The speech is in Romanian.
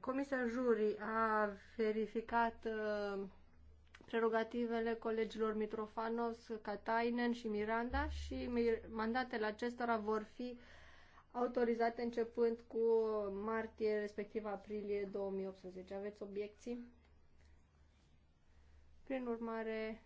Comisia Jurii a verificat uh, prerogativele colegilor Mitrofanos, Catainen și Miranda și mandatele acestora vor fi autorizate începând cu martie, respectiv aprilie 2018. Aveți obiecții? Prin urmare,